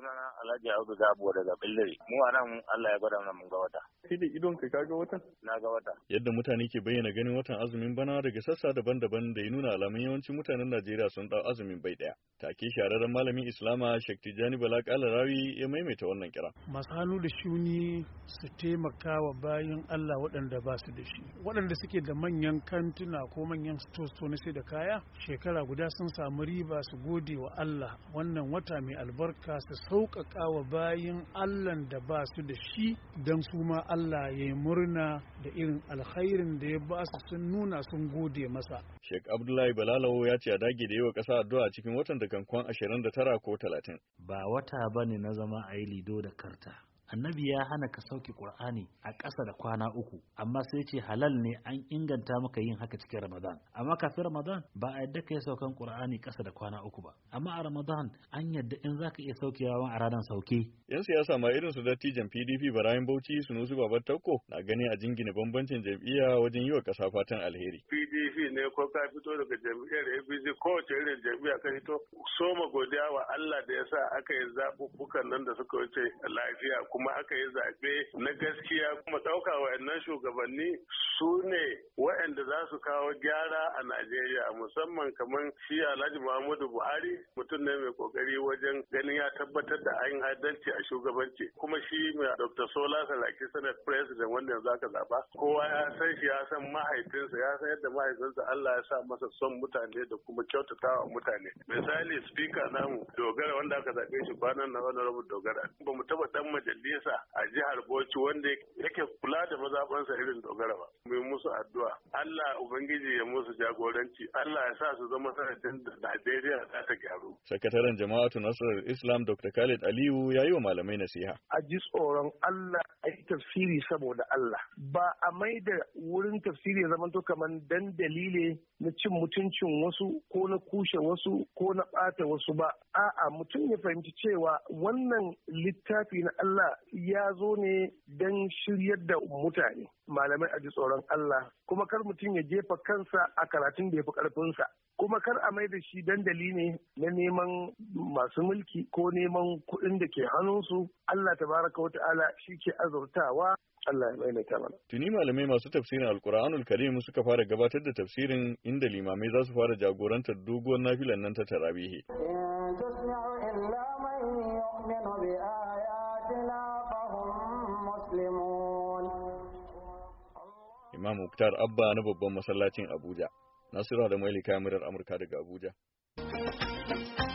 sunana Alhaji Audu Gabo daga Billiri. Mu a nan Allah ya gwada mana mun ga wata. Kai da idon ka ga watan? Na ga wata. Yadda mutane ke bayyana ganin watan azumin bana daga sassa daban-daban da ya nuna alamun yawancin mutanen Najeriya sun dau azumin bai daya. Take shahararren malamin Islama Sheikh Tijani Bala Kalarawi ya maimaita wannan kira. Masu hannu da shuni su taimaka wa bayan Allah waɗanda ba su da shi. Waɗanda suke da manyan kantuna ko manyan stosto na sai da kaya shekara guda sun samu riba su gode wa Allah wannan wata mai albarka su sauƙaƙa wa bayan Allahn da ba su da shi don su ma Allah ya yi murna da irin alkhairin da ya ba su sun nuna sun gode masa. Sheikh Abdullahi Balalawo ya ce a dage da yawa ƙasa addu'a cikin watan da kankon 29 ko 30. Ba wata ba ne na zama a yi lido da karta. annabi ya hana ka sauke qur'ani a ƙasa da kwana uku amma sai ce halal ne an inganta maka yin haka cikin ramadan amma kafin ramadan ba a yadda ka yi saukan qur'ani ƙasa da kwana uku ba amma a ramadan an yadda in za ka iya saukewa a ranar sauke yan siyasa ma irin su dattijan pdp barayin bauchi sunusu babar tauko na gani a jingina bambancin jam'iyya wajen yi wa ƙasa fatan alheri pdp ne ko ka fito daga jam'iyyar ko kowace irin jam'iyya ka fito soma godiya wa allah da ya sa aka yi zaɓuɓɓukan nan da suka wuce lafiya kuma kuma aka yi zaɓe na gaskiya kuma ɗauka wa'annan shugabanni su ne waɗanda za su kawo gyara a Najeriya musamman kamar shi Alhaji Muhammadu Buhari mutum ne mai kokari wajen ganin ya tabbatar da ayin adalci a shugabanci kuma shi mai Dr. Sola Salaki Senate President wanda yanzu aka zaba kowa ya san shi ya san mahaifinsa ya san yadda mahaifinsa Allah ya sa masa son mutane da kuma kyautatawa mutane misali speaker namu dogara wanda aka zaɓe shi kwanan na rabu dogara ba mu taɓa dan majalisa a jihar Bauchi wanda yake kula da mazaɓansa irin dogara ba mu musu addu'a Allah ubangiji ya musu jagoranci Allah ya sa su zama sanadin da Najeriya za ta gyaru sakataren jama'atu nasarar Islam Dr. Khalid Aliyu ya yi wa malamai nasiha a ji tsoron Allah a yi tafsiri saboda Allah ba a da wurin tafsiri ya zamanto kamar dandali ne na cin mutuncin wasu ko na kushe wasu ko na bata wasu ba a'a mutum ya fahimci cewa wannan littafi na Allah ya zo ne don shiryar da mutane malamai a ji tsoron tsoron Allah kuma kar mutum ya jefa kansa a karatun da ya fi karfinsa kuma kar a mai da shi dandali ne na neman masu mulki ko neman kuɗin da ke hannunsu Allah tabaraka ala shi ke azurtawa Allah ya maimaita mana. Tuni malamai masu tafsirin Alkur'anul Karim suka fara gabatar da tafsirin inda limamai za su fara jagorantar doguwar nafilan nan ta tarabihi. Imam Muktar Abba na babban masallacin Abuja. Nasiru da Maili kayan murar Amurka daga Abuja.